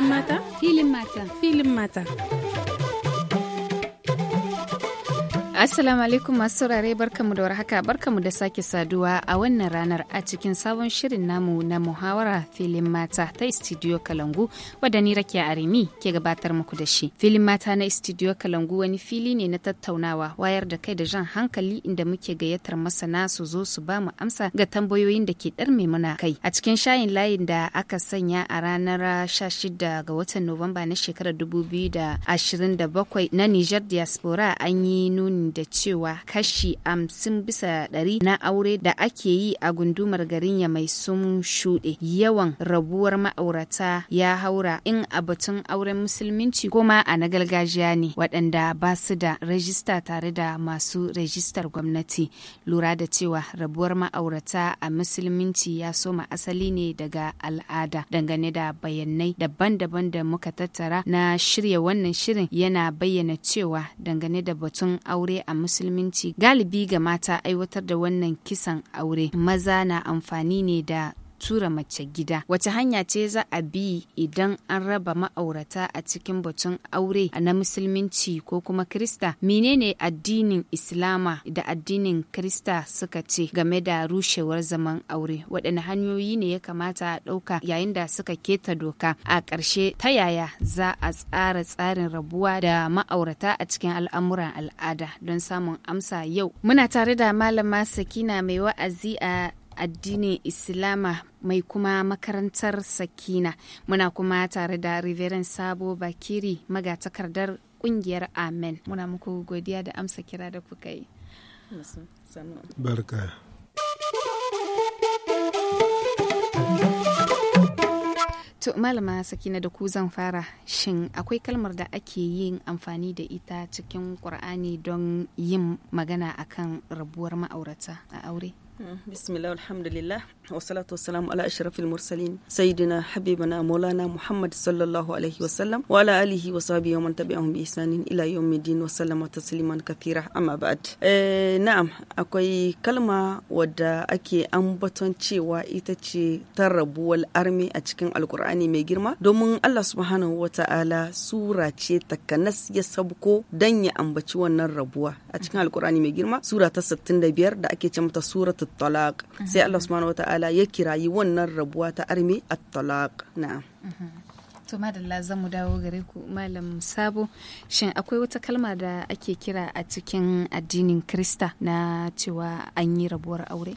filin mata filin mata filin mata assalamu alaikum masu saurare bar barkamu da warhaka barkamu da sake saduwa a wannan ranar a cikin sabon shirin namu na muhawara filin mata ta Studio Kalangu wadda ni Arimi ke gabatar muku da shi. Filin mata na Studio Kalangu wani fili ne na tattaunawa wayar da kai da jan hankali inda muke gayyatar masana su zo su ba mu amsa ga tambayoyin da ke ɗarme muna kai. A cikin shayin layin da aka sanya a ranar 16 ga watan Nuwamba na shekarar 2027 na Niger Diaspora an yi nuni da cewa kashi am hamsin bisa ɗari na aure da ake yi a gundumar garin ya mai sun shuɗe yawan rabuwar ma'aurata ya haura in a batun auren musulminci kuma a na gargajiya ne waɗanda ba su da rajista tare da masu rajistar gwamnati lura da cewa rabuwar ma'aurata a musulminci ya soma asali ne daga al'ada dangane da bayanai daban-daban da muka tattara na shirya wannan shirin yana bayyana cewa dangane da batun aure a musulminci galibi ga mata aiwatar da wannan kisan aure maza na amfani ne da tura mace gida wata hanya ce za a bi idan an raba ma'aurata a cikin batun aure na musulminci ko kuma krista menene addinin islama da addinin krista suka ce game da rushewar zaman aure waɗanne hanyoyi ne ya kamata a ɗauka yayin da suka keta doka a ƙarshe ta yaya za a tsara tsarin rabuwa da ma'aurata a cikin al'amuran al'ada don samun amsa yau muna tare da malama sakina mai wa'azi a addinin Islama mai kuma makarantar Sakina. Muna kuma tare da Reverend Sabo Bakiri magatakardar kungiyar Amen. Muna muku godiya da amsa kira da kuka yi. To malama sakina da ku zan fara shin akwai kalmar da ake yin amfani da ita cikin ƙur'ani don yin magana akan rabuwar ma'aurata a aure? Bismillah alhamdulillah wa salatu wa mursalin sayidina habibana maulana muhammad sallallahu alaihi isanin ila yawmi din salam wa tasliman kathira eh, naam akwai kalma wada ake ambaton cewa ita ce ta wal armi a cikin alqur'ani mai girma domin Allah subhanahu wa ta'ala sura ce takanas ya sabko dan ya ambaci wannan rabuwa a cikin alqur'ani mai girma sura ta 65 da ake cewa ta sura ta talaq sai Allah subhanahu ta'ala ya kirayi wannan rabuwa ta armi at talaq na'am to madalla zan mu dawo gare ku malam sabo shin akwai wata kalma da ake kira a cikin addinin krista na cewa an yi rabuwar aure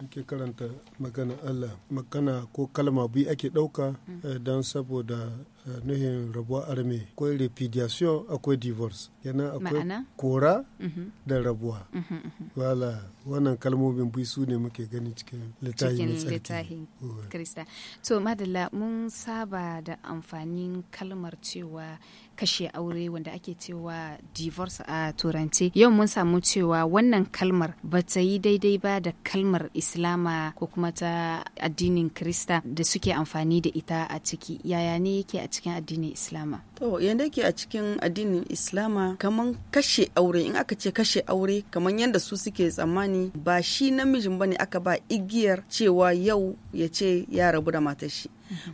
ake karanta magana Allah magana ko kalma bi ake ɗauka eh, don saboda eh, nuhin rabuwa arme akwai repudiation akwai divorce yana akwai kora mhm. da rabuwa mhm, mhm, wala wannan kalmomin bi su ne muke gani cikin littafin krista to madalla mun saba da amfanin kalmar cewa kashe aure wanda ake cewa divorce a turance yau mun samu cewa wannan kalmar ba ta yi daidai ba da kalmar islama ko kuma ta addinin krista da suke amfani da ita a ciki yaya ne yake a cikin addinin islama to yanda yake a cikin addinin islama kaman kashe aure in aka ce kashe aure kaman yanda su suke tsammani ba shi namijin bane aka ba igiyar cewa yau ya ce ya rabu da matar shi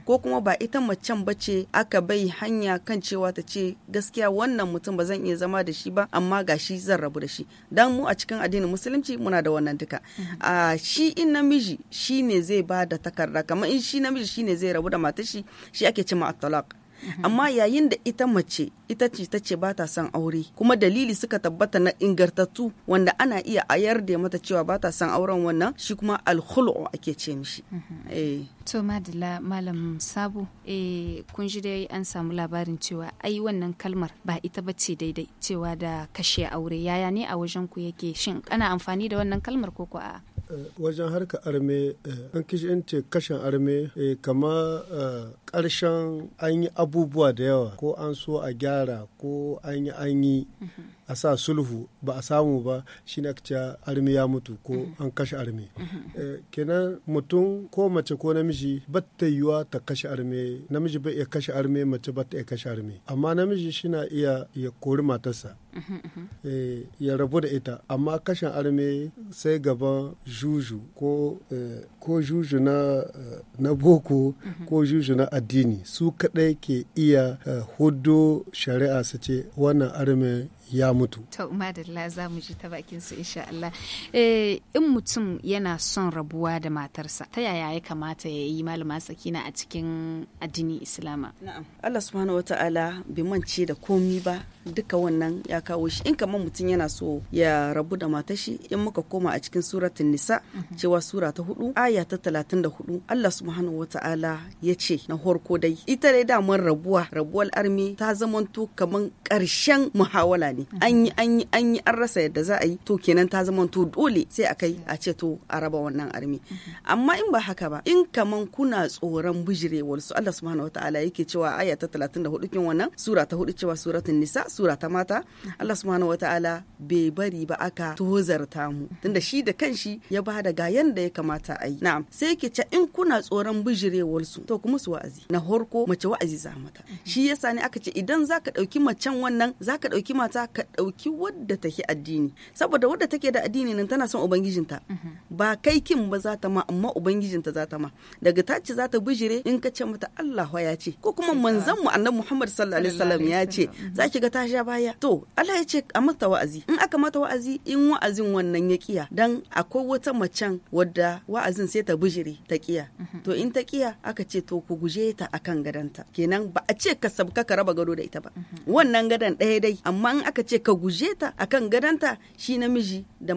ko kuma ba ita macen ba ce aka bai hanya kan cewa ta ce gaskiya wannan mutum ba zan iya zama da shi ba amma ga shi zan rabu da shi dan mu a cikin addinin musulunci muna da wannan duka mhm. a shi in namiji shine zai ba da takarda kamar in shi namiji shi ne zai rabu da matar shi shi ake cewa at-talaq Mm-hmm. amma yayin da ita mace ita ce ta ce ba ta son aure kuma dalili suka tabbata na ingantattu wanda ana iya ayar da mata cewa ba ta son auren wannan shi kuma alhulu ake ce mishi mm-hmm. eh. to madala malam sabu eh kun ji dai an samu labarin cewa ai wannan kalmar ba ita ba ce daidai cewa da kashe aure yaya ne a wajen ku yake shin ana amfani da wannan kalmar ko ko a eh, wajen harka arme eh, an kishi ce kashin arme kama ƙarshen an yi abubuwa da yawa ko an so a gyara ko an yi an yi a sa sulhu ba a samu ba shi na cewa armi ya mutu ko an kashe armi eh, kenan mutum ko mace ko namiji ba ta yiwa ta kashe armi namiji ba ya kashe armi mace ba ta kashe armi amma namiji shi na iya ya kori matarsa eh, ya rabu da ita amma kashen armi sai gaban juju ko eh, ko juju na, na boko ko juju na addini su kaɗai ke iya eh, hudu shari'a su ce wannan arme ya mutu da la za mu ji ta bakin su insha Allah eh, in mutum yana son rabuwa da matarsa ta yaya ya kamata ya yi malama sakina a cikin addinin islama na'am Allah subhanahu ta'ala bai mance da komi ba duka wannan ya kawo shi in kamar mutum yana so ya rabu da matar shi in muka koma a cikin suratun nisa mhm. cewa sura ta hudu aya ta talatin da hudu Allah subhanahu ta'ala ya ce na horko dai ita dai damar rabuwa rabuwar armi ta zamanto kamar karshen muhawala ne kuɗi an yi an yi an yi an rasa yadda za a yi to kenan ta zama to dole sai a kai a ce to a raba wannan armi amma in ba haka ba in kaman kuna tsoron bijirewar su Allah subhanahu wataala yake cewa aya ta 34 kin wannan sura ta hudu cewa suratul nisa sura ta mata Allah subhanahu wataala bai bari ba aka tozarta mu tunda shi da kanshi ya ba da ga yanda ya kamata a yi na'am sai yake ce in kuna tsoron bijirewar su to kuma su wa'azi na horko mace wa'azi za mata shi yasa ne aka ce idan zaka dauki macen wannan zaka dauki mata za ka ɗauki wadda take addini saboda wadda take da addini nan tana son ubangijinta ba kai kin ba za ta ma amma ubangijinta za ta ma daga ta ce za ta bijire in ka ce mata Allah ya ce ko kuma manzon mu annabi Muhammad sallallahu alaihi wasallam ya ce za ki ga ta sha baya to Allah ya ce a mata wa'azi in aka mata wa'azi in wa'azin wannan ya kiya dan akwai wata macen wadda wa'azin sai ta bijire ta kiya mhm. to in ta kiya aka ce to ku guje ta akan gadanta kenan ba a ce ka sabka ka raba gado da ita ba mhm. wannan gadan ɗaya dai amma in aka ce ka guje ta akan gadanta shi namiji da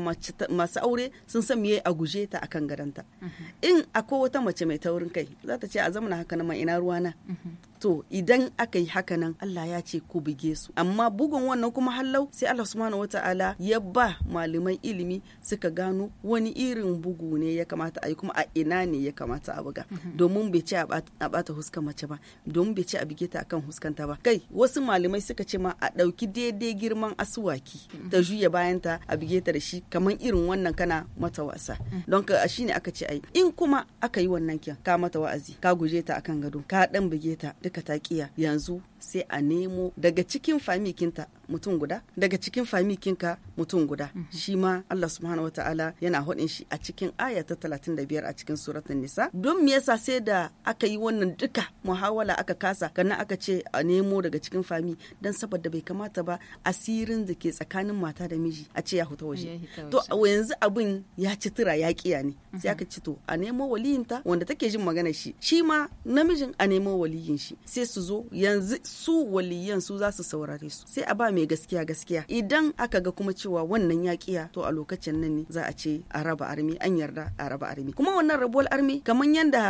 masu aure sun san miye a guje ta akan gadanta mhm. in akwai wata mace mai taurin kai za ta ce a zamana haka na ina ruwana mhm. to idan aka yi haka nan Allah ya ce ku buge su amma bugun wannan kuma hallau sai Allah subhanahu wata'ala ya ba malaman ilimi suka gano wani irin bugu ne ya kamata a yi kuma a ina ne ya kamata a buga mhm. domin bai ce a bata huskan mace ba domin bai ce a bige ta akan huskanta ba kai wasu malamai suka ce ma a ɗauki daidai girman asuwaki mhm. ta juya bayan ta a bige ta da shi kamar irin wannan kana mata wasa mhm. don ka shine aka ce ai in kuma aka yi wannan kyan ka mata wa'azi ka guje ta akan gado ka dan bige ta duk aikata ta kiya yanzu sai a nemo daga cikin famikinta mutum guda daga cikin famikinka mutum guda mhm. shi ma Allah subhanahu wataala yana hudin shi a cikin aya ta 35 a cikin suratun nisa don me yasa sai da aka yi wannan duka muhawala aka kasa kana aka ce a nemo daga cikin fami dan saboda bai kamata ba asirin da ke tsakanin mata da miji a ce ya huta waje to yanzu abin ya ci tura ya kiya ne sai mhm. aka ci to a nemo waliyinta wanda take jin magana shi shi ma namijin a nemo waliyin shi sai su zo yanzu su waliyan su za su saurare su sai a ba mai gaskiya gaskiya idan aka ga kuma cewa wannan yaƙiya to a lokacin nan ne za a ce a raba armi an yarda a raba armi kuma wannan rabuwar armi kamar yadda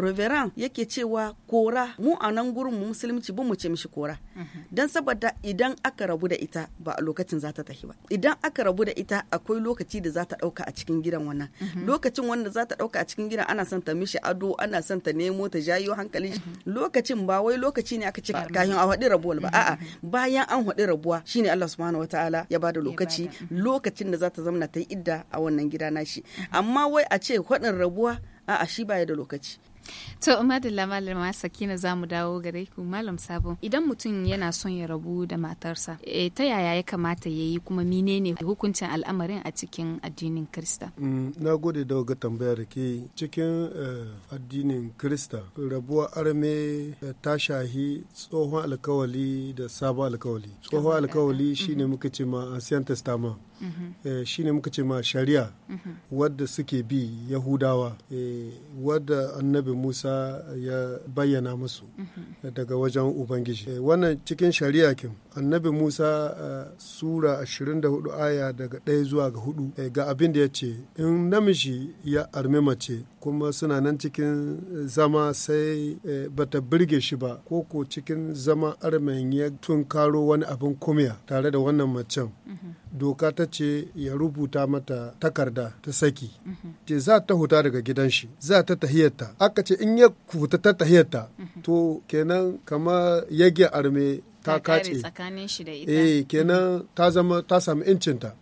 reverend yake cewa kora mu a nan gurin mu musulunci ba mu ce mishi kora mhm. dan saboda idan aka rabu da ita ba a lokacin za ta tafi ba idan aka rabu da ita akwai lokaci da za ta ɗauka a cikin gidan wannan mhm. lokacin wanda za ta ɗauka a cikin gidan ana son ta mishi ado ana son ta nemo ta jayo hankali mhm. lokacin ba wai lokaci ne aka ce bayan a haɗi rabuwar ba a'a bayan an haɗi rabuwa shine Allah subhanahu wataala ya bada lokaci mm. lokacin da za ta zama ta yi idda a wannan gida nashi amma wai a ce haɗin rabuwa a'a shi baya da lokaci To Umadilla Malama Sakina za mu dawo gare ku Malam Sabo. Idan mutum yana son ya rabu da matarsa, e, ta yaya ya kamata ya yi kuma menene hukuncin al'amarin a cikin addinin Krista? Mm, na gode da ga tambaya da ke cikin eh, addinin Krista, rabuwa arme eh, ta shahi tsohon alkawali da sabon alkawali. Tsohon alkawali shine mm-hmm. muka ce ma Ancient Testament. Eh, ne muka ce ma shari'a wadda suke bi yahudawa eh, wadda annabi musa ya bayyana musu daga wajen ubangiji eh, wannan cikin shari'a kin annabi musa sura 24 aya daga 1 zuwa ga 4 ga abin da ya ce in namiji ya armi mace kuma suna nan cikin zama sai eh, bata birge shi ba ko ko cikin zama armen ya tunkaro wani abin kumiya tare da wannan macen mhm. doka ta ce ya rubuta mata takarda ta saki mhm. ce za ta huta daga gidan shi za ta tahiyarta aka ce in ya huta ta tahiyarta mhm. to kenan kama yage arme ta kace tsakanin shi da ita eh kenan ta zama ta samu incinta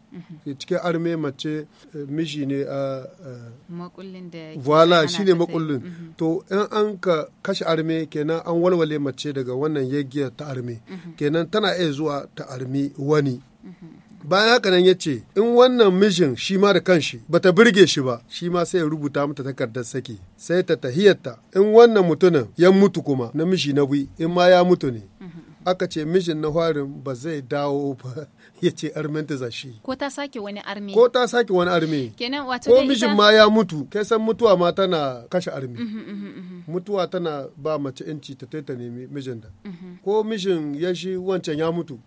Eh, cikin arme mace eh, miji ne a eh, makullin da shi shine makullin mhm. to in an ka kashe arme kenan an walwale mace daga wannan yagiya ta arme mhm. kenan tana iya zuwa ta arme wani mhm. bayan haka nan ya ce in wannan mijin shi ma da kanshi bata birge shi ba shi ma sai ya rubuta mata takardar saki sai ta tahiyarta in wannan mutumin ya mutu kuma na miji na bi in ma ya mutu ne aka ce mijin na farin ba zai dawo ba ya ce armen ta ko ta sake wani arme ko ta sake wani arme kenan wato ko mijin ma ya mutu kai san mutuwa ma tana kashe arme mhm, mhm, mhm, mutuwa tana ba mace yanci ta ta nemi mijin da ko mijin ya shi wancan ya mutu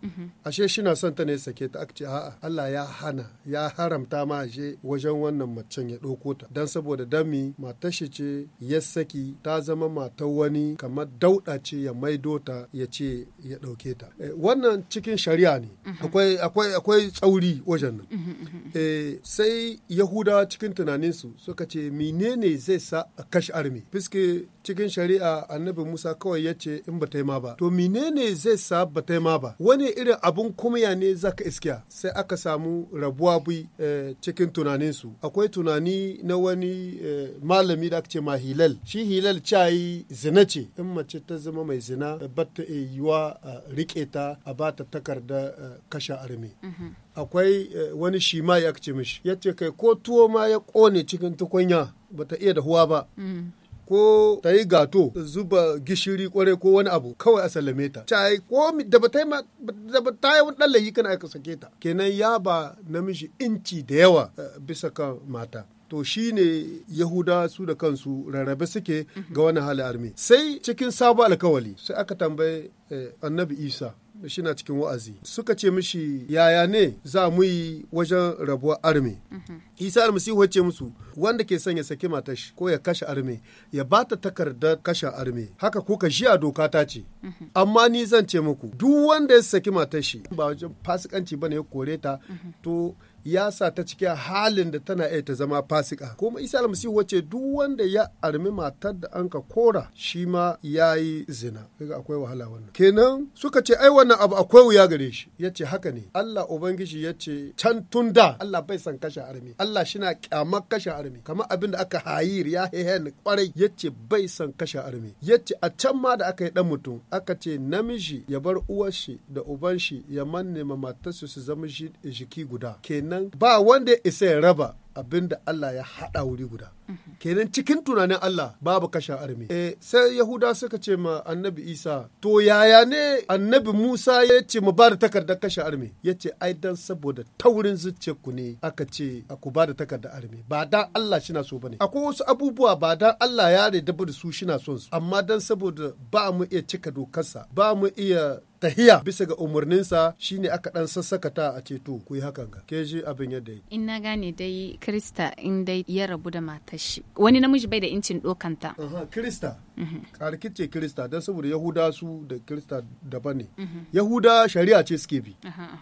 ashe shi na son ta ne sake ta aka ce a'a Allah ya hana ya haramta ma ashe wajen wannan macen ya ɗauko ta dan saboda dami matar shi ce ya saki ta zama matar wani kamar dauɗa ce ya maido ta ya ce ya ɗauke ta eh, wannan cikin shari'a ne akwai akwai tsauri wajen nan mhm, mhm, mhm. Eh, sai yahuda cikin tunaninsu suka ce menene zai sa a kashe armi fiske cikin shari'a annabi Musa kawai ya ce in ba ta ma ba. To menene zai sa ba ta ma ba? Wani irin abun kumya ne zaka iskiya? Sai aka samu rabuwa bi eh, cikin tunanin su Akwai tunani na wani eh, malami da aka ce ma Hilal. Shi Hilal cayi zina ce. In mace ta zama mai zina eh, ba ta yiwa rike ta a ba ta takarda kashe arme. Mm-hmm. Akwai wani shima ya ce mishi. Ya ce kai ko tuwo ma ya kone cikin tukunya ta iya da huwa ba. Mm. ko ta yi gato zuba gishiri kwarai ko wani abu kawai a sallame ta ta ko da ba ta yi da yi layi kana aka sake ta kenan ya ba namiji inci da yawa eh, bisa kan mata to shi ne yahuda su da kansu rarrabe suke mhm. ga wani hali armi sai cikin sabon alkawali sai aka tambaye eh, annabi isa shina cikin wa'azi suka ce mishi yaya ne za mu yi wajen rabuwar arme mm-hmm. isa almasihu ce musu wanda ke son ya saki shi ko ya kashe arme ya ba ta takardar kashe arme haka kuka shi a doka ta ce mm-hmm. amma ni zan ce muku duk wanda ya saki matar shi ba wajen fasikanci ne ya kore ta mm-hmm. to ya sa ta cikin halin da tana iya ta zama fasika kuma isa almasihu wace duk wanda ya armi matar da an ka kora shi ma ya yi zina kaga akwai wahala wannan kenan suka ce ai wannan abu akwai wuya gare shi ya ce haka ne allah ubangiji ya ce can tun da allah bai san kashe armi allah shina kyamar kashe armi kamar abin da aka hayir ya hehen kwarai ya ce bai san kashe armi ya ce a can ma da aka yi dan mutum aka ce namiji ya bar uwar shi da uban shi ya manne ma matarsa su zama jiki guda kenan nan ba wanda isa ya raba abin da Allah ya haɗa wuri guda. Mhm. Kenan cikin tunanin Allah babu kashe armi. eh sai Yahuda suka ce ma annabi Isa, to yaya ne annabi Musa ya ce mu ba da takardar kashe arme? Ya ce, ai dan saboda taurin zuciya ku ne aka ce a ku ba da takardar arme. Ba dan Allah shina so bane. Akwai wasu abubuwa ba dan Allah ya da da su shina son su. Amma dan saboda ba mu iya cika dokarsa, ba mu iya tahiya bisa ga umarninsa shine aka dan sassakata a ceto ku yi hakan ga ke ji abin yadda yi in na gane dai krista in dai ya rabu da matar shi wani namiji bai da incin dokanta krista mhm. ce krista don saboda yahuda su da krista daban ne mhm. yahuda shari'a ce suke bi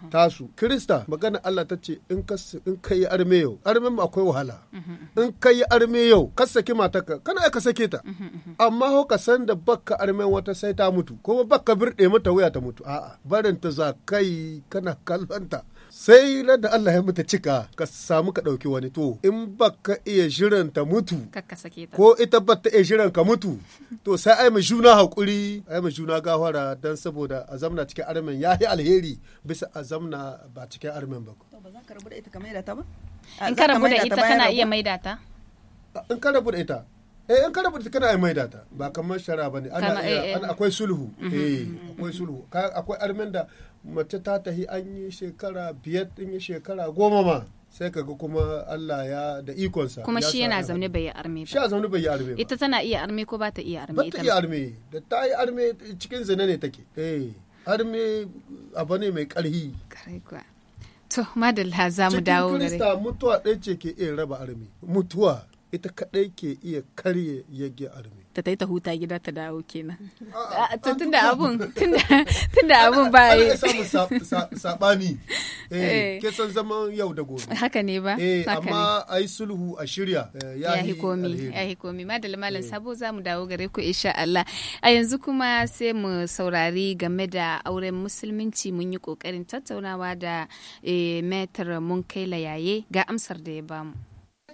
tasu krista magana allah ta ce in ka yi arme yau armen akwai wahala mhm, in ka yi arme yau ka saki matarka kana ka sake ta amma ka san da bakka armen wata sai ta mutu kuma bakka birɗe mata wuya ta mutu mutu a'a barin ta za kai kana kallonta sai nan da Allah ya mata cika ka samu ka ɗauki wani to in baka iya shirin ta mutu ko ita ba ta iya shirin ka mutu to sai ai mu juna hakuri ai mu juna gawara dan saboda a zamna cikin armen ya yi alheri bisa a zamna ba cikin armen ba ba za ka rabu da ita ka maida ta ba in ka rabu da ita kana iya maida ta in ka rabu da ita eh in ka rubuta kana ai mai data ba kamar shara bane ana eh, eh. ana akwai sulhu mhm. eh akwai sulhu akwai armen da mace ta tahi an yi shekara biyar din shekara goma ma sai kaga kuma Allah ya da sa kuma shi yana zaune bai yi arme ba shi zaune bai yi arme ba ita tana iya arme ko ba ta iya arme ba ta iya arme da ta yi arme cikin zina ne take eh arme abu ne mai karhi to madalla za mu dawo gare cikin kirista mutuwa ɗaya ce ke iya raba arme mutuwa ita kaɗai ke iya karye yage arme. Ta ta huta gida ta dawo kenan. Ah, tun da abun tun da abun ba yi. Ana samun saɓani. Eh, eh. Ke san zaman yau da gobe. Haka ne ba. Eh, amma a yi sulhu a shirya. Ya yi komi. Ya yi komi. Madalla malam sabo za mu dawo gare ku insha Allah. A yanzu kuma sai mu saurari game da auren musulminci mun yi kokarin tattaunawa da metar mun kai layaye ga amsar da ya bamu.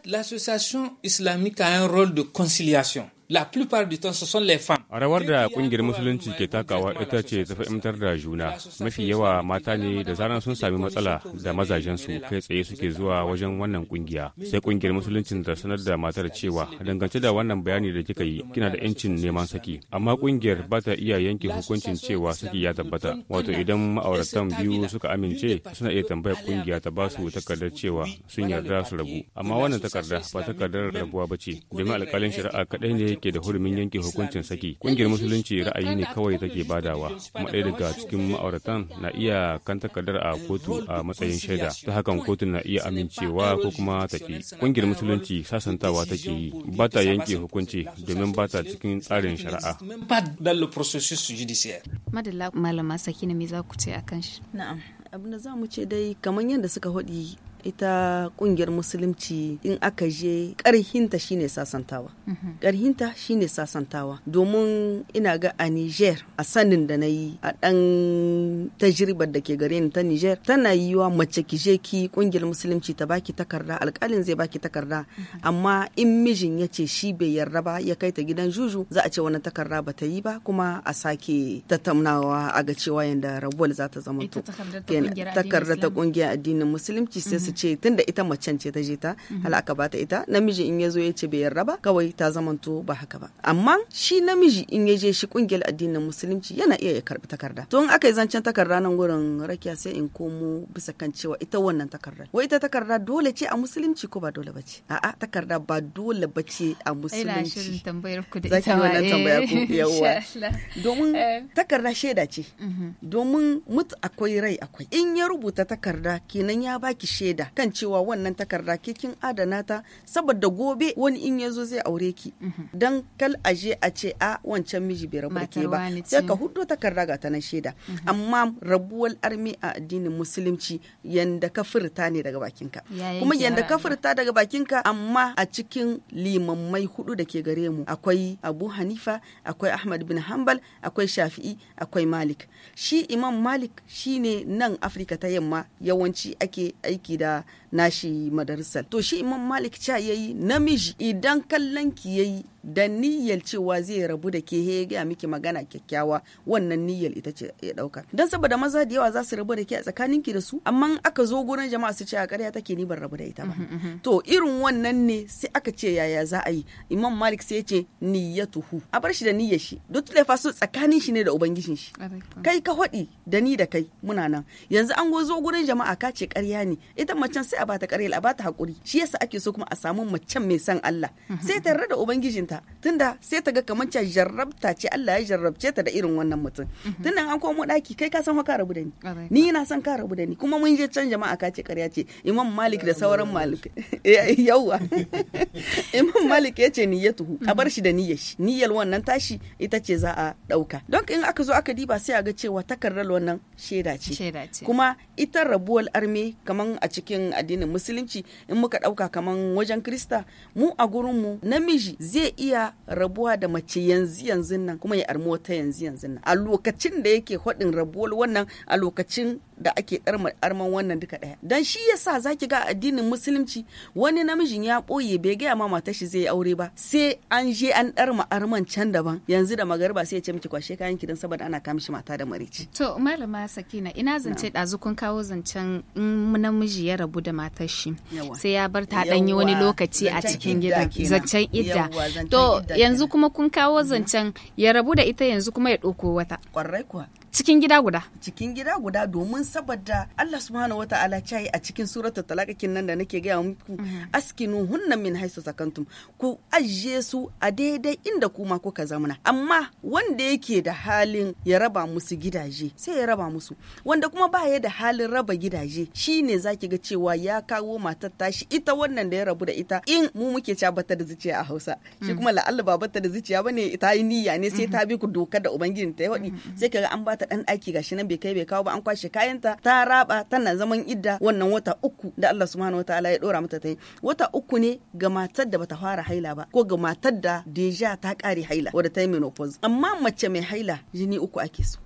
l'association islamique a un rôle de conciliation. la plupart du temps ce sont les femmes. A rawar da kungiyar musulunci ke takawa ita ce ta fahimtar da juna. Mafi yawa mata ne da zaran sun sami matsala da mazajen su kai tsaye suke zuwa wajen wannan kungiya. Sai kungiyar musuluncin da sanar da matar cewa dangance da wannan bayani da kika yi kina da yancin neman saki. Amma kungiyar ba ta iya yanke hukuncin cewa saki ya tabbata. Wato idan ma'auratan biyu suka amince suna iya tambayar kungiya ta ba su takardar cewa sun yarda su rabu. Amma wannan takarda ba takardar rabuwa ba ce. Domin alkalin shari'a kaɗai ne yake da hurumin yanke hukuncin saki. Kungiyar musulunci ra'ayi ne kawai take badawa, kuma ɗaya daga cikin ma'auratan na iya kan takardar a kotu a matsayin shaida. Ta hakan kotu na iya amincewa ko kuma tafi. Kungiyar musulunci sasantawa take yi, ba ta yanke hukunci domin ba ta cikin tsarin shari'a. Madalla malama sakina me za ku ce akan shi? Na'am, abin da za mu ce dai kamar yadda suka haɗi ita kungiyar musulunci in aka je karhinta shine sasantawa karhinta mhm. shine sasantawa domin ina ga a niger a sanin da na yi a dan tajribar da ke gare ni ta niger tana yi wa mace ki je ki kungiyar musulunci ta baki takarda alkalin zai baki takarda mhm. amma in mijin ya ce shi bai yarda ba ya kai ta gidan juju za a ce wani takarda ba ta yi ba kuma a sake tattaunawa a ga cewa yanda rabuwar za ta zama takarda ta kungiyar addinin musulunci sai su ce da ita macen ce ta je ta mhm. hala aka bata ita namiji in ya zo ya ce bai yarda ba kawai ta zamanto ba haka ba amma shi namiji in ya je shi kungiyar addinin musulunci yana iya ya karbi takarda to in aka yi zancen takarda nan gurin rakiya sai in komo bisa kan cewa ita wannan takarda wai ita takarda dole ce a musulunci ko ba dole ba ce a'a takarda ba dole ba ce a musulunci za ki ku da ita tambayar ku yawa domin eh. takarda shaida ce mhm. domin mut akwai rai akwai in ya rubuta takarda kenan ya baki shaida shaida kan cewa wannan takarda ke kin adana ta saboda gobe wani in ya zo zai aure ki mhm. dan kal aje a ce a wancan miji bai rabu ke ba sai ka hudo takarda ga ta na shaida mhm. amma rabuwar armi a addinin musulunci yanda ka furta ne daga bakinka kuma yanda ka furta daga bakinka amma a cikin limammai hudu da ke gare mu akwai Abu Hanifa akwai Ahmad bin Hanbal akwai Shafi'i akwai Malik shi Imam Malik shine nan Afirka ta yamma yawanci ake aiki da Gracias. nashi madarisar to shi imam malik cha yayi namiji idan kallon ki yayi da niyyar cewa zai rabu da ke ya gaya miki magana kyakkyawa wannan niyyar ita ce ya dauka dan saboda maza da yawa za su rabu da ke a tsakanin ki da su amma aka zo gurin jama'a su ce a ƙarya take ni ban rabu da ita ba mhm, mhm. to irin wannan ne sai aka ce yaya za a yi imam malik sai ya ce niyyatuhu a bar shi da niyyar shi duk laifa su tsakanin shi ne da ubangijin shi kai ka hodi da ni da kai muna nan yanzu an go zo gurin jama'a ka ce ƙarya ne ita macen sai a bata ƙarya a bata hakuri shi yasa ake so kuma a samu mace mai san Allah sai ta yarda da ubangijinta tunda sai ta ga kamar ta jarrabta ce Allah ya jarrabce ta da irin wannan mutum tunda an komo daki kai ka san ka rabu da ni ni na san ka rabu da ni kuma mun je can jama'a ka ce ƙarya ce Imam Malik da sauran Malik eh, yauwa Imam Malik ya ce niyyatuhu a bar shi da niyyar shi niyyar wannan tashi ita ce za a ɗauka don in aka zo aka diba sai a ga cewa takardar wannan shaida ce kuma ita rabuwar arme kamar a cikin addinin musulunci in muka ɗauka kamar wajen krista mu a gurinmu namiji zai iya rabuwa da mace yanzu yanzu nan kuma ya armuwa ta yanzu yanzu nan a lokacin da yake haɗin rabuwar wannan a lokacin da ake arman wannan duka daya dan shi yasa zaki ga addinin musulunci wani namijin ya boye bai gaya ma matar shi zai aure ba sai an je an ɗarma arman can daban yanzu da magariba sai ya ce miki kwashe kayan ki saboda ana kama shi mata da marici to malama sakina ina zance ɗazu kun kawo zancen in namiji ya rabu da matar shi sai ya bar ta danyi wani lokaci a cikin gida zancen idda to yanzu kuma kun kawo mhm. zancen ya rabu da ita yanzu kuma ya ɗauko wata kwarai kuwa cikin gida guda cikin gida guda domin saboda Allah subhanahu wataala ya yi a cikin surata talaqakin nan da nake gaya muku mhm. askinu hunna min haisu sakantum ku ajiye su a daidai inda kuma kuka zamana amma wanda yake da halin ya raba musu gidaje sai ya raba musu wanda kuma ba ya da halin raba gidaje shine zaki ga cewa ya kawo matar tashi ita wannan da ya rabu da ita in mu muke cewa bata da zuciya a Hausa shi mm. kuma la'alla ba bata da zuciya bane ita yi niyya ne sai ta mhm. bi ku doka da ubangijin ta ya mhm. sai kaga an bata ta dan aiki gashi nan bai kai bai kawo ba an kwashe kayanta ta raba tana zaman idda wannan wata uku da Allah subhanahu wataala ya dora mata ta yi wata uku ne ga matar da bata fara haila ba ko ga matar da deja ta kare haila wadda ta yi menopause amma mace mai haila jini uku ake so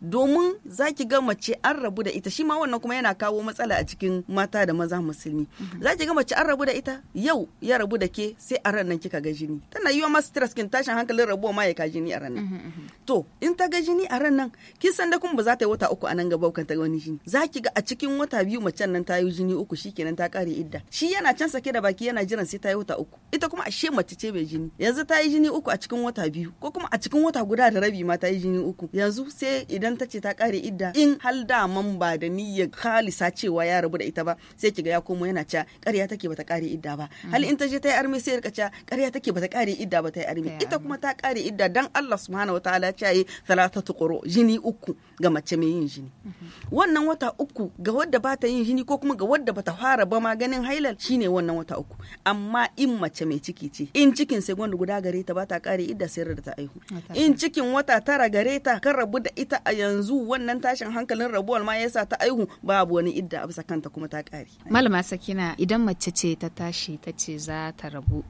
domin za ki ga mace an rabu da ita shi ma wannan kuma yana kawo matsala a cikin mata da maza musulmi za ki ga mace an rabu da ita yau ya rabu da ke sai a ranar kika ga jini tana yiwa masu stress kin tashin hankalin rabuwa ma ya ka jini a ranar mhm, mhm. to in ta ga jini a ranar kin san da kuma ba za ta yi wata uku a nan gaba kan ta wani jini za ki ga a cikin wata biyu macen nan ta yi jini uku shikenan ta kare idda shi yana can sake da baki yana jiran sai ta yi wata uku ita kuma ashe mace ce bai jini yanzu ta yi jini uku a cikin wata biyu ko kuma a cikin wata guda da rabi ma ta yi jini uku yanzu sai karshe idan ta ce ta kare idda in hal da man ba da niyya halisa cewa ya rabu da ita ba sai kiga ya komo yana ca ƙarya take bata kare idda ba mm. hal in ta je ta yi armi sai rika ca ƙarya take bata kare idda ba ta yi armi ita kuma ta kare idda dan Allah subhanahu wataala ya yi salatatu quru jini uku ga mace mai yin jini mm-hmm. wannan wata uku ga wadda ba ta yin jini ko kuma ga wadda bata fara ba maganin ganin hailal shine wannan wata uku amma in mace mai ciki ce in cikin sai guda gare ta ba ta kare idda sai da ta aihu in cikin wata tara gare ta kan rabu da ita a yanzu wannan tashin hankalin rabuwar ma yasa ta aihu babu wani idda a kanta kuma ta kare malama sakina idan mace ce ta tashi ta ce za ta rabu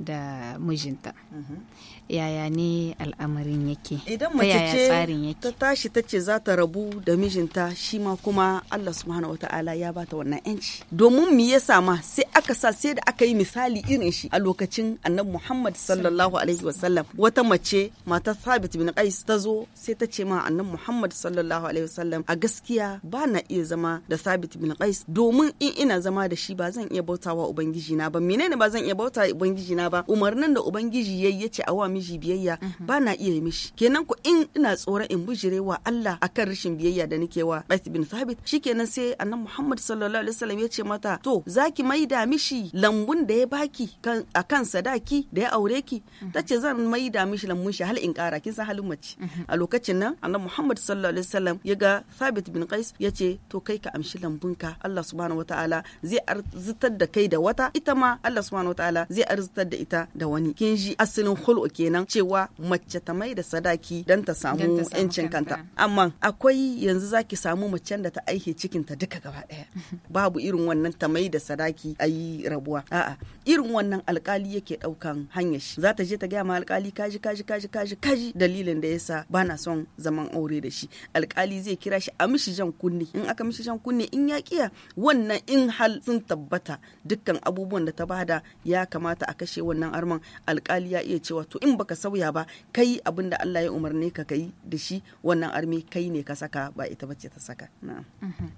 da mijinta mhm. yaya ne al'amarin yake idan mace ce ta tashi ta ce za ta rabu da mijinta shi ma kuma Allah subhanahu wata'ala ya bata wannan yanci domin me yasa ma sai aka sa sai da aka yi misali irin shi a lokacin annabi Muhammad sallallahu alaihi wasallam wata mace mata Thabit bin Qais ta zo sai ta ce ma annabi Muhammad sallallahu alaihi wasallam a gaskiya ba na iya zama da Thabit bin Qais domin in ina zama da shi ba zan iya bautawa ubangiji na ba menene ba zan iya bautawa ubangiji na ba umarnin da ubangiji yayi ce a wa miji biyayya mhm. ba na iya mishi kenan ku in ina tsoron in bujire wa Allah akan rashin biyayya da nake wa bas bin Sabit shikenan sai annabi Muhammad sallallahu alaihi wasallam ya ce mata to zaki da mishi lambun da ya baki a kan sadaki da ya aure ki mhm. tace zan mai da mishi lambun shi hal in kara kin san halin mace mhm. a lokacin nan annabi Muhammad sallallahu alaihi wasallam ya ga Sabit bin Qais ya ce to kai ka amshi lambunka Allah subhanahu wataala zai arzutar da kai da wata ita ma Allah subhanahu wataala zai arzutar da ita da wani kin ji asalin khul'u ke kenan cewa mace ta mai da sadaki don ta samu yancin kanta amma akwai yanzu zaki samu macen da ta aihe cikin ta duka gaba daya babu irin wannan ta mai da sadaki ayi rabuwa a'a irin wannan alkali yake daukan hanyar shi za ta je ta gaya ma alkali kaji kaji kaji kaji kaji dalilin da yasa bana son zaman aure da shi alkali zai kira shi a mishi jan kunni in aka mishi jan kunni in ya kiya wannan in hal sun tabbata dukkan abubuwan da ta bada ya kamata a kashe wannan arman alkali ya iya cewa to in baka sauya ba kai abin da Allah ya umarni ka kai da shi wannan armi kai ne ka saka ba ita bace ta saka mhm.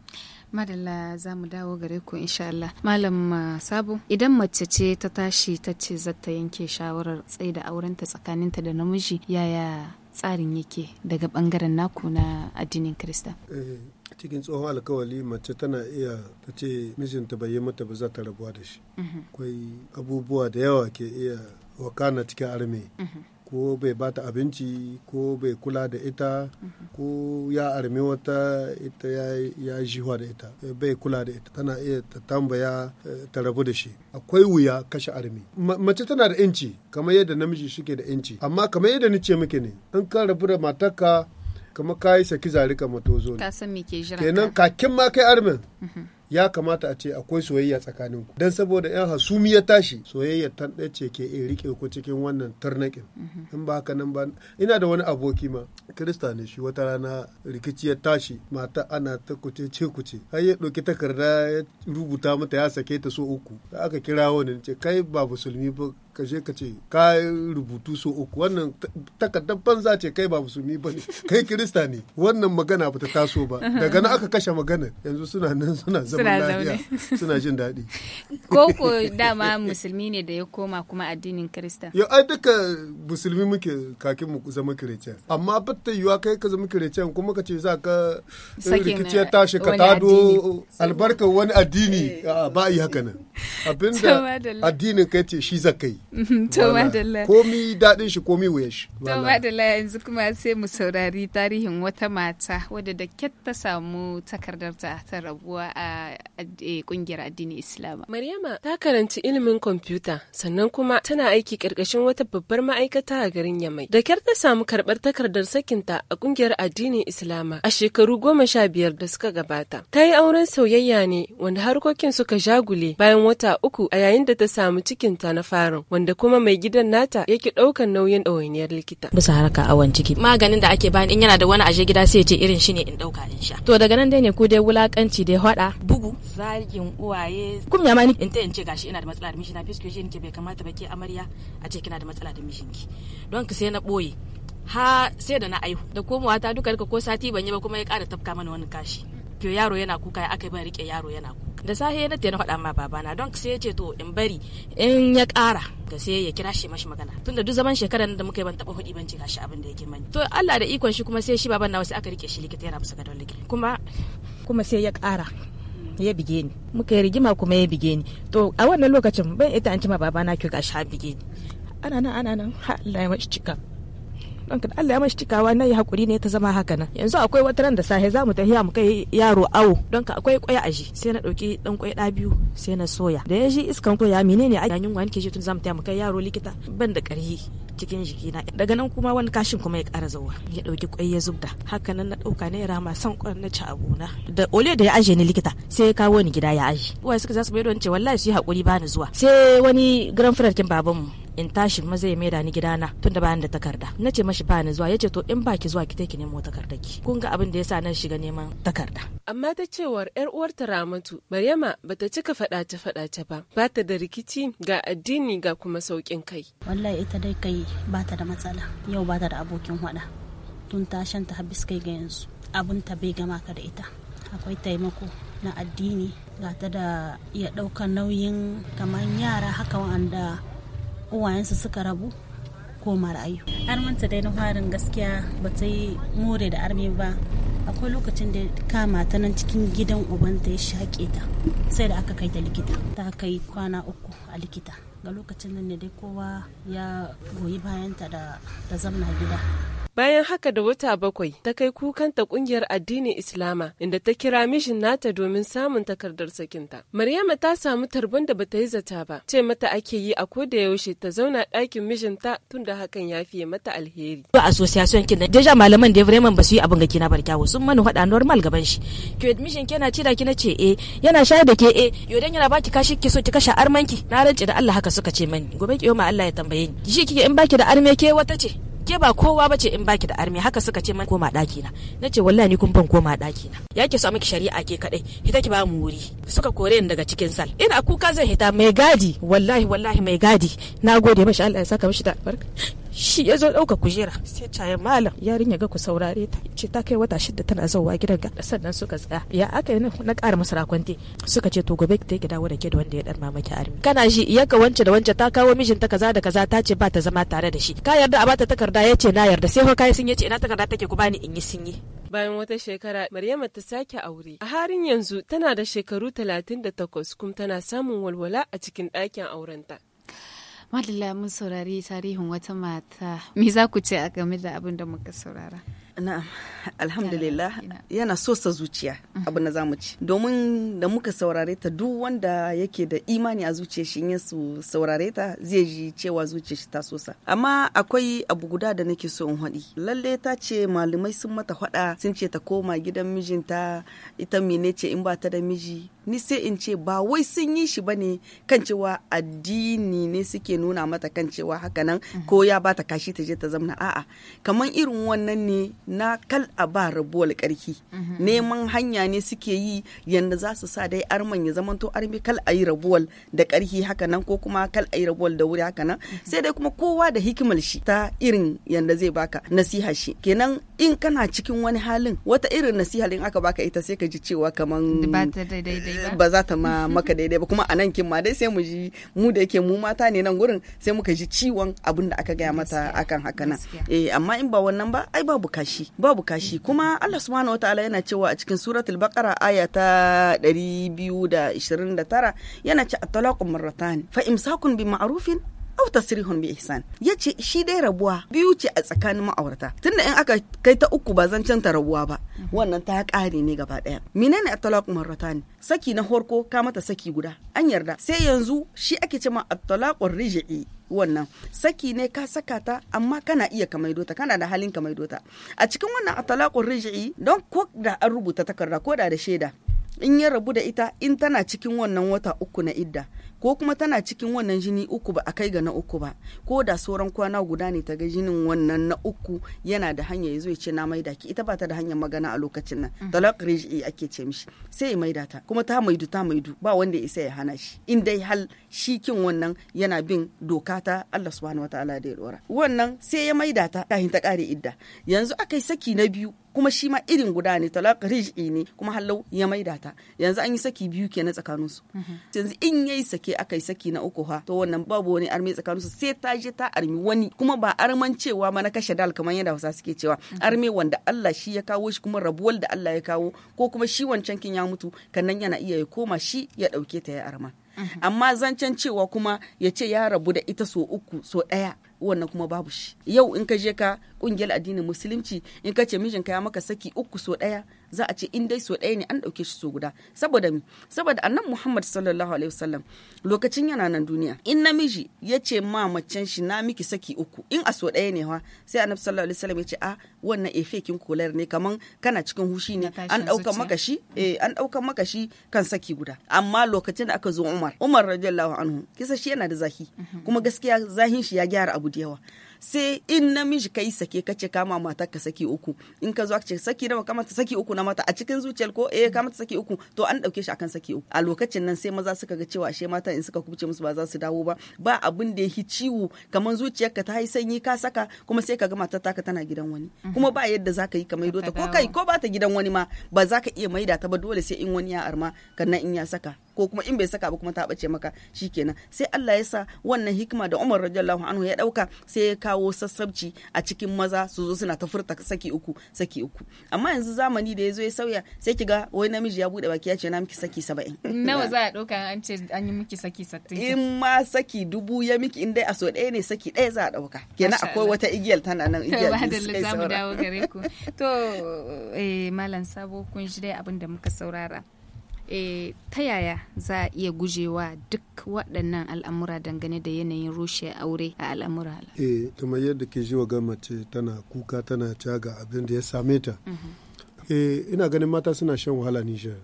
madalla za mu dawo gare ku insha Allah malam sabu idan mace ce ta tashi ta ce zata yanke shawarar tsaye da aurenta tsakaninta da namiji yaya tsarin yake daga bangaren naku na addinin Kirista eh, cikin tsohon alkawali mace tana iya ta ce mijinta bai yi mata ba za ta rabuwa da shi mhm. akwai abubuwa da yawa ke iya wakana cikin arme mhm. ko bai bata abinci ko bai kula da ita mhm. ko ya armi wata ita ya jihuwa da ita bai kula da ita tana iya ta tambaya eh, ta rabu da shi akwai wuya kashe armi mace tana da inci, kamar yadda namiji suke da inci. amma kamar yadda ni ce muke ne in ka rabu da matarka kamar ka yi saki zarika matozo ne kenan kakin ma kai armin mhm. ya kamata a ce akwai soyayya tsakanin ku dan saboda yan hasumi ya tashi soyayya ta ce ke in rike ku cikin wannan tarnakin mhm. in ba haka nan ba ina da wani aboki ma krista ne shi wata rana rikici ya tashi mata ana ta kuce ce kuce har ya ɗauki takarda ya rubuta mata ya sake ta so uku da aka kira wani ce kai ba musulmi ba ka je ka ce ka rubutu so uku wannan takardar banza ce kai ba musulmi ba ne kai krista ne wannan magana ba ta taso ba daga nan aka kashe magana yanzu suna nan suna zama suna zaune suna jin daɗi ko ko dama musulmi ne da ya koma kuma addinin krista yau ai duka musulmi muke kakin mu zama kirece amma batta yiwuwa kai ka zama kirece kuma ka ce za ka rikiciyar tashi ka tado albarkar wani addini eh. ba a yi haka nan abinda addinin kai ce shi za kai mhm, komi daɗin shi komi wuya shi to madalla yanzu kuma sai mu saurari tarihin wata mata wadda da ta samu takardar ta rabuwa a kungiyar addinin Islama. Maryama ta karanci ilimin kwamfuta sannan kuma tana aiki karkashin wata babbar ma'aikata a garin Yamai. Da kyar ta samu karɓar takardar sakinta a kungiyar addinin Islama a shekaru goma sha biyar da suka gabata. Ta yi auren soyayya ne wanda harkokin suka jagule bayan wata uku a yayin da ta samu cikinta na farin wanda kuma mai gidan nata yake ɗaukan nauyin ɗawainiyar likita. Bisa harka awon ciki. Maganin da ake bayan in yana da wani aje gida sai ya ce irin shi ne in ɗauka in sha. To daga nan dai ne ku dai wulakanci dai haɗa. bugu zagin uwaye kum ya mani in ta yance gashi ina da matsala da mishina fiske shi ke bai kamata ba ke amarya a ce kina da matsala da mishinki don ka sai na boye ha sai da na aihu da komowa ta duka duka ko sati ban yi ba kuma ya kara tafka mana wani kashi fiyo yaro yana kuka ya aka ban rike yaro yana kuka da sahe na na faɗa ma babana don sai ya ce to in bari in ya ƙara ga sai ya kira shi mashi magana tunda duk zaman shekaran da muka yi ban taɓa hudi ban ce gashi abin da yake mani to Allah da ikon shi kuma sai shi baban na wasu aka rike shi likita yana musu don likita kuma kuma sai ya ƙara ya bige ni muka yi rigima kuma ya bige ni to a wannan lokacin ban ita an cima babana kyau gashi ha bige ni ana nan ana nan ha Allah ya mashi cika don ka Allah ya mashi cikawa na ya hakuri ne ta zama haka nan yanzu akwai wata ran da sahe za mu tafiya mu kai yaro awo don ka akwai kwai aji sai na dauki dan kwai da biyu sai na soya da ya ji iskan koya menene a yayin wani ke ji tun za mu mu kai yaro likita ban da karhi cikin jikina daga nan kuma wani kashin kuma ya ƙara zuwa ya ɗauki kwai ya zubda haka nan na ɗauka naira ma san kwan na ci abuna da ole da ya aje ni likita sai ya kawo ni gida ya aje uwa suka za su bai don ce wallahi su yi haƙuri bani zuwa sai wani grand friend kin mu. in tashi maza ya maida ni gidana tun da bayan da takarda na ce mashi bani zuwa yace to in baki zuwa ki take nemo takardarki kun ga abin da yasa nan shiga neman takarda amma ta cewar yar uwarta Ramatu Maryama bata cika fadace fadace ba bata da rikici ga addini ga kuma saukin kai wallahi ita dai kai bata da matsala yau bata da abokin hada tun ta habis kai ga yanzu abun ta bai gama ka da ita akwai taimako na addini ga ta da ya ɗaukar nauyin kamar yara haka wa'anda uwayensu suka rabu ko marayu armanta dai na harin gaskiya ba ta yi more da armi ba akwai lokacin da kama ta nan cikin gidan ubanta ya shaƙe ta sai da aka kai ta likita ta kai kwana uku a likita ga lokacin nan ne dai kowa ya goyi bayanta da zamna gida bayan haka da wata bakwai ta kai kukanta kungiyar addinin islama inda ta kira mishin nata domin samun takardar sakinta maryama ta samu tarbon da bata yi zata ba ce mata ake yi a ko da yaushe ta zauna ɗakin mishinta tun da hakan ya fiye mata alheri ba association kin deja malaman da vraiment ba su yi abin ga kina barka wa sun mana hada normal gaban shi ki admission kina ce da kina ce eh yana shaida ke eh yodan yana baki kashi ki so ki kashe armanki na rance da Allah haka haka suka ce mani gobe ki ma Allah ya tambaye ni shi kike in baki da arme ke wata ce ke ba kowa ba ce in baki da arme haka suka ce mani koma daki na ce wallahi ni kun ban koma daki na ya ke so ki shari'a ke kadai ki ki ba mu wuri suka kore ni daga cikin sal ina kuka zan hita mai gadi wallahi wallahi mai gadi nagode masha Allah ya saka mishi da barka shi ya zo ɗauka kujera sai caye malam yarinya ga ku saurare ta ce ta kai wata shida tana zauwa gidan ga sannan suka tsaya ya aka yi na ƙara masa rakwante suka ce to gobe ta yi gida da ke wanda ya dan mamaki armi kana shi ka wance da wance ta kawo mijinta kaza da kaza ta ce ba ta zama tare da shi ka yarda a bata takarda ya ce na yarda sai kai sun ya ce ina takarda take ku bani in yi yi bayan wata shekara maryama ta sake aure a harin yanzu tana da shekaru talatin da 38 kuma tana samun walwala a cikin ɗakin aurenta madalla mun saurari tarihin wata mata me za ku ce a game da abin da muka saurara na alhamdulillah yana so sa zuciya mhm. abin da zamu ci domin da muka saurare ta duk wanda yake da imani a zuciya shi ya su saurare ta zai ji cewa zuciya shi ta sosa amma akwai abu guda da nake so in haɗi lalle ta ce malamai sun mata haɗa sun ce ta koma gidan mijinta ita mene ce in ba ta da miji ni sai in ce ba wai sun yi shi bane kan cewa addini ne suke nuna mata kan cewa haka nan mhm. ko ya ba ta kashi ta je ta zamna a'a kamar irin wannan ne na kal a ba rabuwar karki mhm. neman hanya ne suke yi yadda za su sa dai arman ya zamanto armi kal a yi rabuwar da karki haka nan ko kuma kal a yi rabuwar da wuri haka nan mhm. sai dai kuma kowa da hikimar shi ta irin yadda zai baka nasiha shi kenan in kana cikin wani halin wata irin nasiha in aka baka ita sai ka ji cewa kaman ba za ta ma maka daidai ba kuma a nan kin ma dai sai mu ji mu da yake mu mata ne nan gurin sai muka ji ciwon abin da aka gaya mata akan haka nan eh amma in ba wannan ba ai babu kashi babu kashi kuma Allah subhanahu wataala yana cewa a cikin suratul baqara aya ta 229 yana ce at-talaqu marratan fa imsakun bi ma'rufin au tasrihun bi ihsan ce shi dai rabuwa biyu ce a tsakanin ma'aurata tunda in aka kai ta uku ba zan canta rabuwa ba wannan ta kare ne gaba daya menene at-talaq marratan saki na horko ka mata saki guda an yarda sai yanzu shi ake cewa at-talaqur rij'i wannan saki ne ka saka ta amma kana iya ka ta kana da halin ka ta a cikin wannan atalaqur rijai don ko da an rubuta takarda ko da da shaida in ya rabu da ita in tana cikin wannan wata uku na idda ko kuma tana cikin wannan jini uku ba a kai ga na uku ba ko da sauran kwana guda ne ta ga jinin wannan na uku yana da hanya ya zo ya ce na maida ki ita ba ta da hanyar magana a lokacin nan mm. talak rij'i ake ce mishi sai ya maida ta kuma ta maidu ta maidu ba wanda ya isa ya hana shi in dai hal shi kin wannan yana bin doka ta Allah subhanahu wataala da ya dora wannan sai ya maida ta kafin ta kare idda yanzu akai saki na biyu kuma shi ma irin guda ne talaq rij'i ne kuma hallau ya maida ta yanzu an yi saki biyu ke na tsakanin su yanzu in yayi sake akai saki na uku ha to wannan babu wani armi tsakanin su sai ta je ta armi wani kuma ba arman cewa ma na kashe dal kamar yadda wasa suke cewa arme wanda Allah shi ya kawo shi kuma rabuwal da Allah ya kawo ko kuma shi wancan kin ya mutu kannan yana iya ya koma shi ya dauke ta ya arma Mm-hmm. amma zancen cewa kuma ya ce ya rabu da ita so uku so ɗaya wannan kuma babu shi yau in ka je ka kungiyar addinin musulunci in ka ce mijinka ya maka saki uku so daya za a ce in dai so daya ne an dauke shi so guda saboda mi saboda annan muhammad sallallahu alaihi wasallam lokacin yana nan duniya in namiji ya ce ma macen shi na miki saki uku in a so daya ne fa sai annabi sallallahu alaihi wasallam ya ce a ah, wannan efe eh, kin kolar ne kaman kana cikin hushi ne an dauka maka shi eh an dauka maka shi kan saki guda amma lokacin da aka zo umar umar radiyallahu anhu kisa shi yana da zahi mhm. kuma gaskiya zahin shi ya gyara abu da yawa sai in namiji kai sake kace kama mata ka saki uku in ka zo ka ce saki nawa kama ta saki uku na mata a cikin zuciyar ko eh kama ta saki uku to an dauke shi akan saki uku a lokacin nan sai maza suka ga cewa she mata in suka kuce musu ba za su dawo ba ba abin da yake ciwo kamar zuciyarka ta yi sanyi ka saka kuma sai ka ga matar taka tana gidan wani mhm. kuma ba yadda za ka yi ka maido ko kai ko ba ta gidan wani ma ba za ka iya maida ta ba dole sai in wani ya arma kannan in ya saka ko kuma in bai saka ba kuma ta bace maka shikenan sai Allah ya sa wannan hikima da Umar radiyallahu anhu ya dauka sai ya kawo sassabci a cikin maza su zo suna ta furta saki uku saki uku amma yanzu zamani da ya zo ya sauya sai kiga wai namiji ya bude baki ya ce na miki saki 70 nawa za a dauka an ce an yi miki saki 60 in ma saki dubu ya miki in dai a so ɗaya ne saki dai za a dauka kenan akwai wata igiyar tana nan igiyar za mu dawo gare ku to eh malam sabo kun shi dai abin da muka saurara e, ta yaya za a iya gujewa duk waɗannan al'amura dangane da yanayin rushe aure a al'amura e eh, kuma yadda ke ji wa mace tana kuka tana caga abin da ya same ta e, ina ganin mata suna shan wahala nijar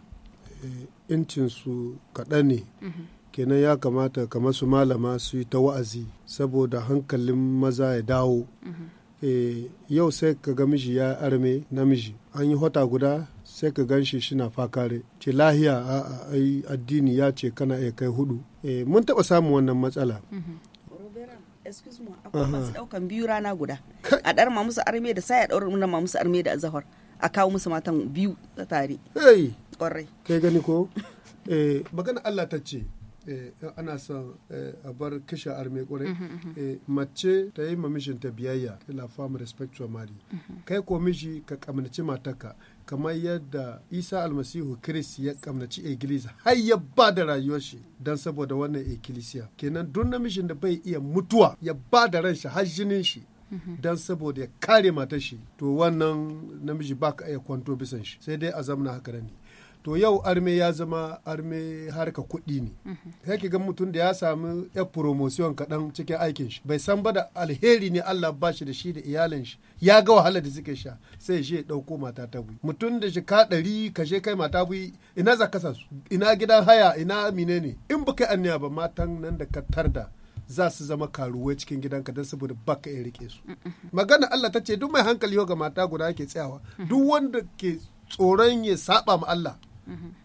incin su kaɗan ne mhm. kenan ya kamata kamar su malama su yi ta wa'azi saboda hankalin maza ya dawo mhm. yau sai ka ga miji ya arme namiji an yi hota guda sai ka gan shi shina fakare ce lahiya a addini ya ce kana iya kai hudu eh, mun taɓa samun wannan matsala excuse me biyu rana guda a dar ma musu arme da sai a daura nuna ma musu arme da azahar a kawo musu matan biyu ta tare kwarai kai gani ko eh, magana Allah ta ce eh, ana son a bar kashe arme kwarai mhm, mhm. mace ta yi mamishin ta biyayya la fam respect to mari mhm. kai ko miji ka kamanci matarka kamar yadda isa almasihu chris ya kamnaci iglesia har ya ba da rayuwar shi don saboda wannan ikilisiya kenan duk namijin da bai iya mutuwa ya ba da ran shi har jinin shi mhm. don saboda ya kare matashi shi to wannan namiji ba ka iya kwanto bisan shi sai dai a zamana haka ne to yau arme ya zama arme harka kuɗi ne mhm. sai ki ga mutum da ya samu ya promotion kaɗan cikin aikin shi bai san ba da alheri ne Allah ba shi da shi da iyalin shi ya ga wahala da suke sha sai shi ya ɗauko mata ta bui mutum da shi ka ɗari ka je kai mata bui ina za ka su ina gidan haya ina mine ne in ba kai anniya ba matan nan da ka tarda za su zama karuwai cikin gidanka don saboda baka ya rike su magana Allah ta ce duk mai hankali yau ga mata guda ke tsayawa mm-hmm. duk wanda ke tsoron ya saba ma Allah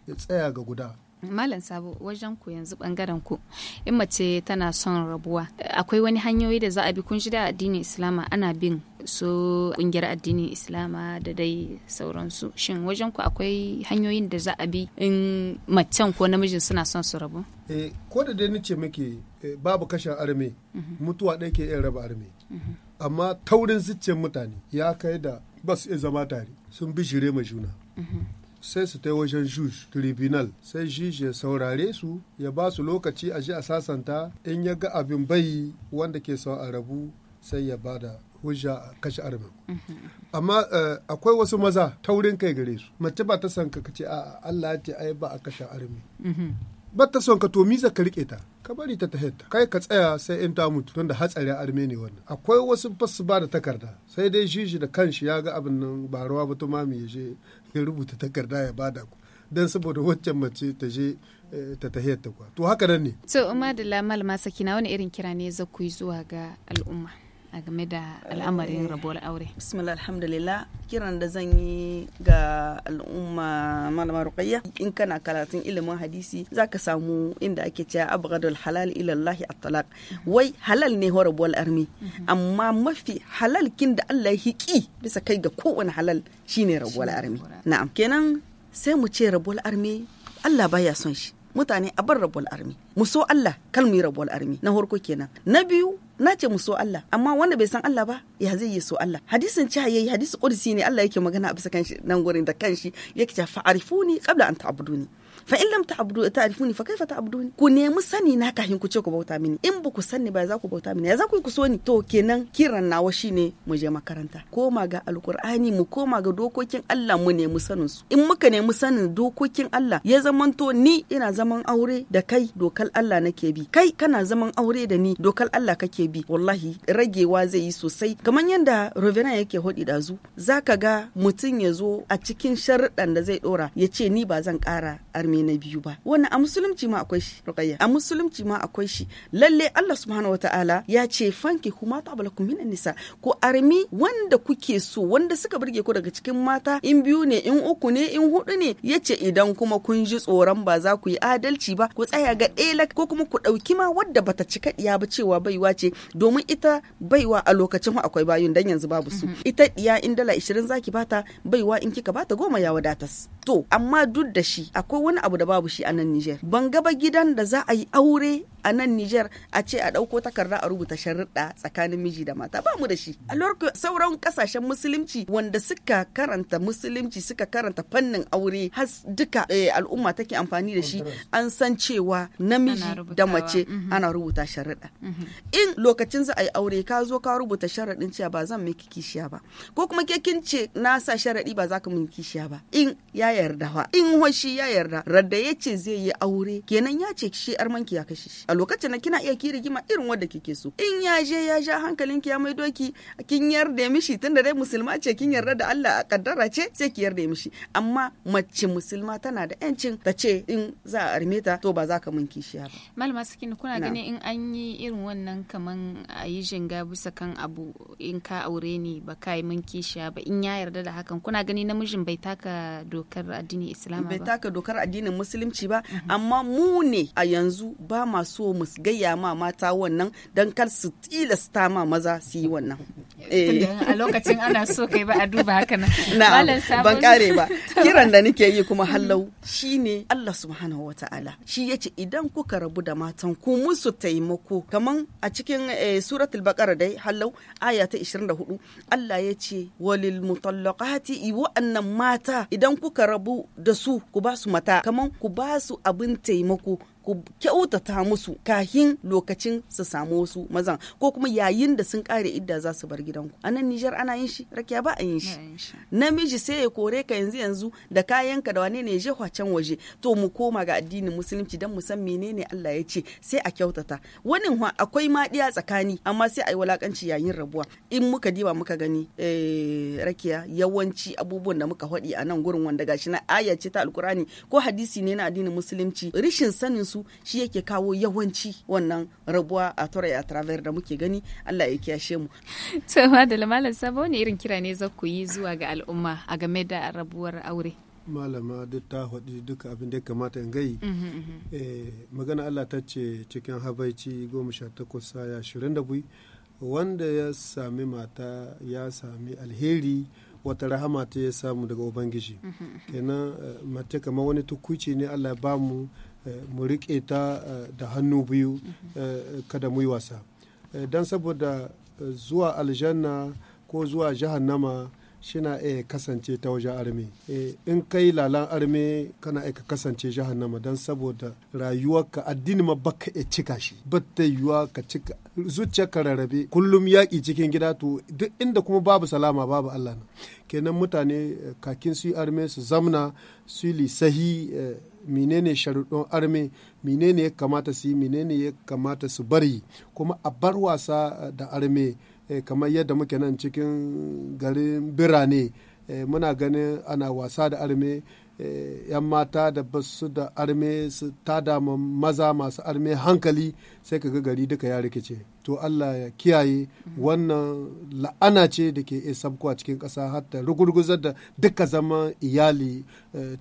ya tsaya ga guda malam sabo wajen ku yanzu bangaren ku in mace tana son rabuwa akwai wani hanyoyi da za a bi kun da addinin islama ana bin su kungiyar addinin islama da dai sauransu shin wajen ku akwai hanyoyin da za a bi in macen ko namijin suna son su rabu eh ko da dai nace miki eh, babu kashin arme mhm. mutuwa ɗaya ke iya raba arme mhm. amma taurin zuciyar mutane ya kai da ba su zama tare sun bi shire ma juna mhm. sai su ta wajen juge tribunal sai juge ya saurare su ya ba su lokaci a ji a sasanta in ya ga abin bai wanda ke son a rabu sai ya ba da hujja a kashe arabin mhm. amma eh, akwai wasu maza taurin kai gare su mace ba ta son ka kace a Allah ce ai ba a kashe arabin mhm. ba ta son ka to miza ka rike ta ka bari ta tahetta kai ka tsaya sai in ta mutu tunda hatsari arme ne wannan akwai wasu ba su ba da takarda sai dai jiji da kanshi ya ga abin nan ba rawa ba to mami ya je ya rubuta takarda ya bada ku don saboda waccan mace ta je eh, ta tahiyar ta kwa to haka nan ne so umar da lamal masakina wani irin kira ne za ku yi zuwa ga al'umma a game da al'amarin rabuwar aure bismillah alhamdulillah kiran da zan yi ga al'umma malama ruqayya in kana karatun ilimin hadisi zaka samu inda ake cewa abghadul halal ila Allah at-talaq wai halal ne ho rabuwar armi amma mafi halal kin da Allah ya ki bisa kai ga kowane halal shine rabuwar armi na'am kenan sai mu ce rabuwar armi Allah baya son shi mutane a bar rabuwar armi mu so Allah kalmi rabuwar armi na horko kenan na biyu na ce mu so Allah amma wanda bai san Allah ba ya zai yi so Allah hadisin cha yayi hadisi qudsi ne Allah yake magana a bisa kanshi nan gurin da kanshi yake ta fa'arifuni qabla an ta'buduni fa in lam ta'budu ta'rifuni fa kaifa ta'buduni ku nemi sani na kafin ku ce ku bauta mini in ba ku sani ba za ku bauta mini ya za ku ku so ni to kenan kiran nawa shine mu je makaranta koma ga alkur'ani mu koma ga dokokin Allah mu nemi sanin su in muka nemi sanin dokokin Allah ya zamanto ni ina zaman aure da kai dokal Allah nake bi kai kana zaman aure da ni dokal Allah kake bi wallahi ragewa zai yi sosai kamar yadda Rovena yake hodi dazu zaka ga mutum ya zo a cikin sharuɗan da zai dora ya ce ni ba zan kara armi musulmi na biyu ba wani a musulunci ma akwai shi ruqayya a musulunci ma akwai shi lalle Allah subhanahu wataala ya ce fanki kuma ku minan nisa ko armi wanda kuke so wanda suka burge ku daga cikin mata in biyu ne in uku ne in hudu ne ce idan kuma kun ji tsoron ba za ku yi adalci ba ku tsaya ga ɗela ko kuma ku ɗauki ma wadda bata cika ɗiya ba cewa baiwa ce domin ita baiwa a lokacin akwai bayun dan yanzu babu su mm-hmm. ita ɗiya in dala ishirin zaki bata baiwa in kika bata goma ya wadatas to amma duk da shi akwai wani abu da babu shi a nan Niger. Ban gaba gidan da za a yi aure a nan Nijar a ce a ɗauko takarda a rubuta sharuɗa tsakanin miji da mata ba mu da shi. A sauran ƙasashen musulunci wanda suka karanta musulunci suka karanta fannin aure has duka eh, al'umma take amfani da shi an san cewa namiji da mace mhm. ana rubuta sharuɗa. Mhm. In lokacin za a yi aure ka zo ka rubuta sharaɗin cewa ba zan miki kishiya ba ko kuma ke kin ce na sa sharaɗi ba za ka min kishiya ba in ya yarda wa in hoshi ya yarda radda ya ce zai yi aure kenan ya ce shi armanki ya kashe shi. a lokacin na kina iya ki rigima irin wadda kike so in ya je ya ja hankalin ki ya mai doki kin yarda mishi tunda dai musulma ce kin yarda da Allah a kaddara ce sai ki yarda mishi amma mace musulma tana da yancin ta ce in za a arme ta to ba za ka mun kishiya ba malama sakin kuna gani in an yi irin wannan kaman a yi jinga bisa kan abu in ka aure ni ba ka yi mun kishiya ba in ya yarda da hakan kuna gani namijin bai taka dokar addinin islam ba bai taka dokar addinin musulunci ba mhm. amma mu ne a yanzu ba masu so mu gayya ma mata wannan don kar su tilasta ma maza su yi wannan eh. a lokacin ana so kai ba a duba haka nan ban kare ba kiran da nake yi kuma hallau ne Allah subhanahu wataala shi ya ce idan kuka rabu da matan ku musu taimako kaman a cikin eh, suratul baqara dai hallau aya ta 24 Allah ya ce walil mutallaqati wa'annan mata idan kuka rabu da su ku ba su mata kaman ku ba su abin taimako ku kyautata musu kahin lokacin su samu wasu mazan ko kuma yayin da sun kare idda za su bar gidanku a nan Nijar ana yin shi rakiya ba a yin shi namiji sai ya kore ka yanzu yanzu da kayan ka da wane ne je can waje to mu koma ga addinin musulunci dan mu san menene Allah ya ce sai a kyautata wani akwai maɗiya tsakani amma sai a yi walakanci yayin rabuwa in muka diba muka gani eh, rakiya yawanci abubuwan da muka faɗi a nan gurin wanda gashi na aya ce ta alkurani ko hadisi ne na addinin musulunci rishin sanin su su shi yake kawo yawanci wannan rabuwa a turai a travers da muke gani Allah ya kiyashe mu to da malam sabo ne irin kira ne za ku yi zuwa ga al'umma a game da rabuwar aure malama duk ta faɗi duka abin da ya kamata in gai mhm, mhm. eh, magana Allah ta ce cikin habaici goma sha takwas saya ashirin da bui wanda ya sami mata ya sami alheri wata rahama ta ya samu daga ubangiji mhm, kenan eh, mace kamar wani tukuci ne Allah ba mu Eh, mu riƙe ta eh, da hannu biyu eh, kada mu yi wasa don saboda zuwa aljanna ko zuwa jahannama shina iya kasance ta wajen arme in kai lalan arme kana ka kasance jahannama don saboda rayuwarka addini ma baka e cika shi bata yiwuwa ka cika zuciyarka rarrabe kullum yaƙi cikin gida to duk inda kuma babu salama babu allah kenan mutane kakin su yi arme su zamna su yi lisahi menene sharuɗin arme menene ya kamata su yi menene ya kamata su bari kuma a bar wasa eh, da arme eh, kamar yadda muke nan cikin garin birane eh, muna ganin ana wasa da arme 'yan mata da basu da arme su tada maza masu arme hankali sai ka ga gari duka ya rikice to Allah ya kiyaye mm-hmm. wannan la'ana ce da ke iya sabko a cikin ƙasa hatta rugurguzar da duka zama iyali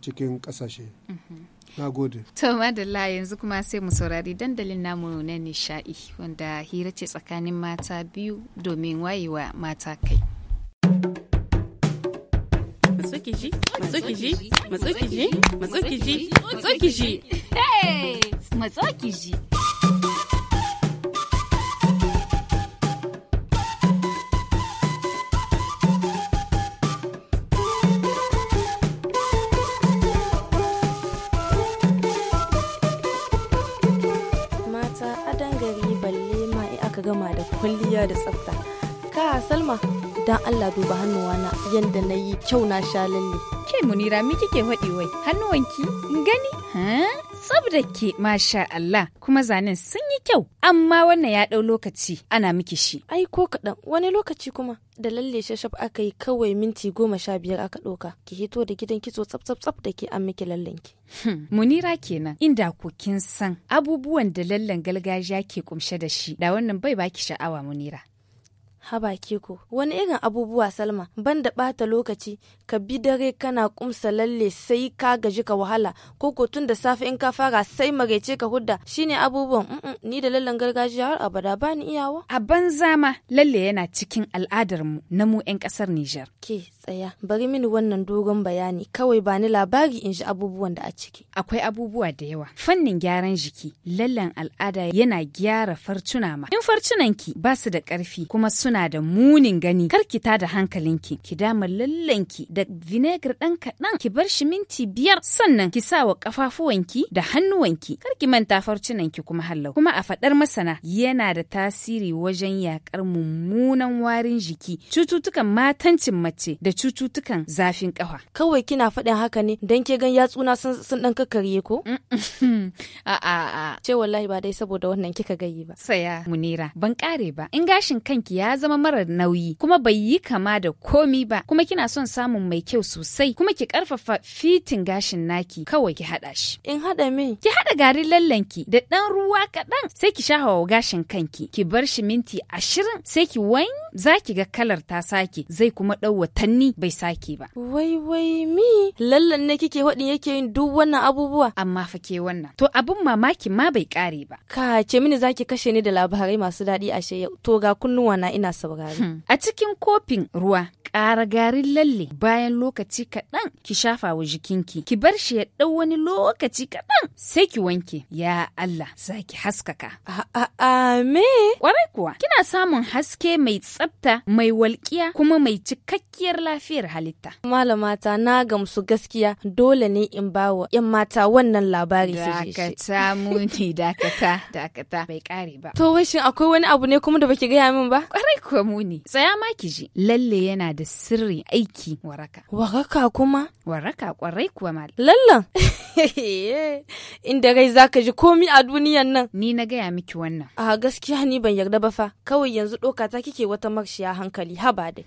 cikin ƙasashe. Mm-hmm. na gode to madalla yanzu kuma sai mu saurari dandalin namu na nishai wanda hira ce tsakanin mata biyu domin wayewa mata kai matsukiji matsukiji matsukiji matsukiji matsukiji matsukiji kwalliya da tsafta ka salma dan allah duba hannuwana yadda na yi kyau na sha lalle ke munira mi kike faɗi wai hannuwanki gani ha tsab da ke masha allah kuma zanen sun kyau amma wannan ya ɗau lokaci ana miki shi. Ai ko kaɗan wani lokaci kuma da lalle shashaf aka yi kawai minti goma sha biyar aka ɗauka ki hito da gidan kitso tsaf tsaf da ke an miki lallen ki. Hmm. Munira kenan inda ku kin san abubuwan da lallen gargajiya ke kumshe da shi da wannan bai baki sha'awa Munira. haba ku wani irin abubuwa salma ban da bata lokaci ka bi dare kana kumsa lalle sai ka gaji ka wahala ko ko tun da safe in ka fara sai magaice ka hudda shine abubuwan mm ni da lallan gargajiya har abada bani iyawa a banza ma lalle yana cikin al'adar mu na mu yan kasar Nijar. ke tsaya bari mini wannan dogon bayani kawai ba ni labari in ji abubuwan da a ciki akwai abubuwa da yawa fannin gyaran jiki lallan al'ada yana gyara farcuna ma in farcunanki ba su da ƙarfi kuma suna da munin gani kar ki da hankalinki ki dama ki. da vinegar dan kaɗan ki bar shi minti biyar sannan ki sa wa ƙafafuwanki da hannuwanki kar ki manta farcunanki kuma hallau kuma a faɗar masana yana da tasiri wajen yaƙar mummunan warin jiki cututtukan matancin mace da cututtukan zafin kafa. Kawai kina faɗin haka ne don ke gan yatsuna sun dan kakkarye ko? Mm, mm, mm. A a Ce wallahi ba dai saboda wannan kika gayi ba. Saya Munira ban kare ba. In gashin kanki ya zama mara nauyi kuma bai yi kama da komi ba kuma kina son samun mai kyau sosai kuma ki karfafa fitin gashin naki kawai ki haɗa shi. In haɗa me? Ki haɗa garin lallanki da ɗan ruwa kaɗan sai ki shahawa gashin kanki ki bar shi minti ashirin sai ki wanke za ki ga kalar ta sake zai kuma ɗau watanni bai sake ba. Wai wai mi lallan ne kike waɗin yake yin duk wannan abubuwa. Amma fa ke wannan. To abin mamaki ma bai ƙare ba. Ka ce mini za kashe ni da labarai masu daɗi a yau. To ga kunnuwa na ina saurari. Hmm. A cikin kofin ruwa ƙara garin lalle bayan lokaci kaɗan ki shafa wa jikinki ki bar shi ya ɗau wani lokaci kaɗan sai ki wanke ya Allah za ki haskaka. A a a me? Kwarai kuwa kina samun haske mai tsafta mai walƙiya kuma mai cikakkiyar lafiyar halitta. Malamata na gamsu gaskiya dole ne in bawa 'yan mata wannan labari su Dakata muni dakata dakata bai kare ba. To shin akwai wani abu ne kuma da baki gaya min ba? Kwarai kuwa muni. Tsaya ma ki ji. Lalle yana da sirri aiki waraka. Waraka kuma? Waraka kwarai kuwa mal. Lallan. Inda za zaka ji komi a duniyan nan. Ni na gaya miki wannan. A gaskiya ni ban yarda ba fa. Kawai yanzu ɗoka ta kike wata ga makshiya hankali haba dai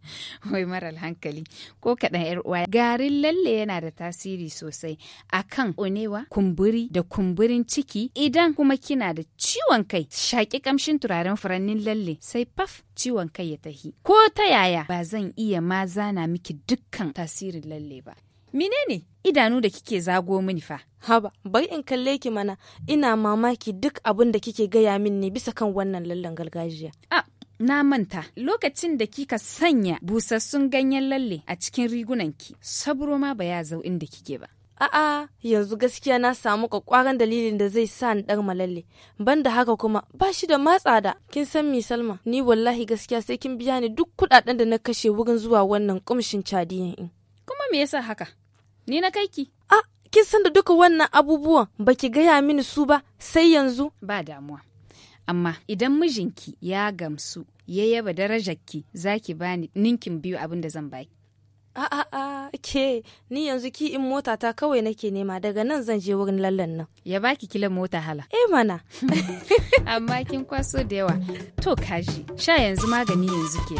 wai maral hankali ko kaɗan yar uwa garin lalle yana da tasiri sosai akan onewa kumburi da kumburin ciki idan kuma kina da ciwon kai shaki kamshin turaren furannin lalle sai paf ciwon kai ya tahi ko ta yaya ba zan iya ma zana miki dukkan tasirin lalle ba menene idanu da kike zago mini fa haba bai in kalle ki mana ina mamaki duk abin da kike gaya min ne bisa kan wannan lallan gargajiya Ah. na manta lokacin da kika sanya busassun ganyen lalle a cikin rigunanki saburo ma ba ya zau inda kike ba. A'a yanzu gaskiya na samu kwakwaran dalilin da zai sa ni dar malalle. banda haka kuma ba shi da matsa da. Kin san mi Salma, ni wallahi gaskiya sai kin biya ni duk kudaden da na kashe wurin zuwa wannan kumshin cadiyan in. Kuma me yasa haka? Ni na kai ki. A kin san da duka wannan abubuwan baki gaya mini su ba sai yanzu? Ba damuwa. amma idan mijinki ya gamsu ya yaba darajarki zaki bani ninkin biyu abin da zan baki a a a ke ni yanzu ki in mota ta kawai nake nema daga nan zan je wurin lallan nan ya baki kilan mota hala eh mana amma kin kwaso da yawa to kaji sha yanzu magani yanzu ke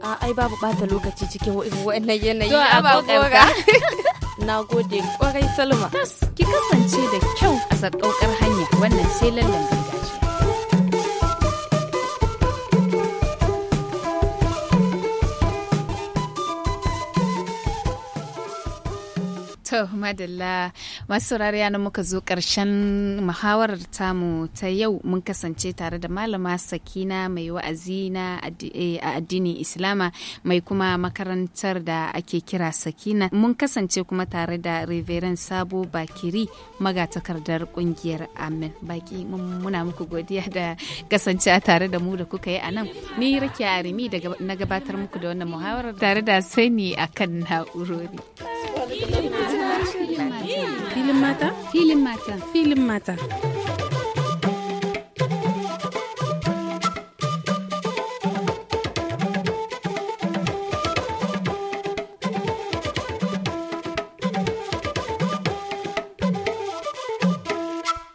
a ai babu bata lokaci cikin wannan yanayi to abokora na gode kwarai salma ki kasance da kyau a sakaukar hanya wannan sai lallan To, madalla masu saurari yana muka zo ƙarshen muhawarar tamu ta yau mun kasance tare da malama sakina mai wa'azi na eh, a addinin Islama mai kuma makarantar da ake kira sakina. Mun kasance kuma tare da Reverend Sabo Bakiri magatakardar ƙungiyar Amin Baki muna muku godiya da kasance tare da mu da kuka yi a nan. Ni Rakiya Arimi na gabatar muku da wannan muhawarar tare da sani akan na'urori. filin mata filin mata filin mata mata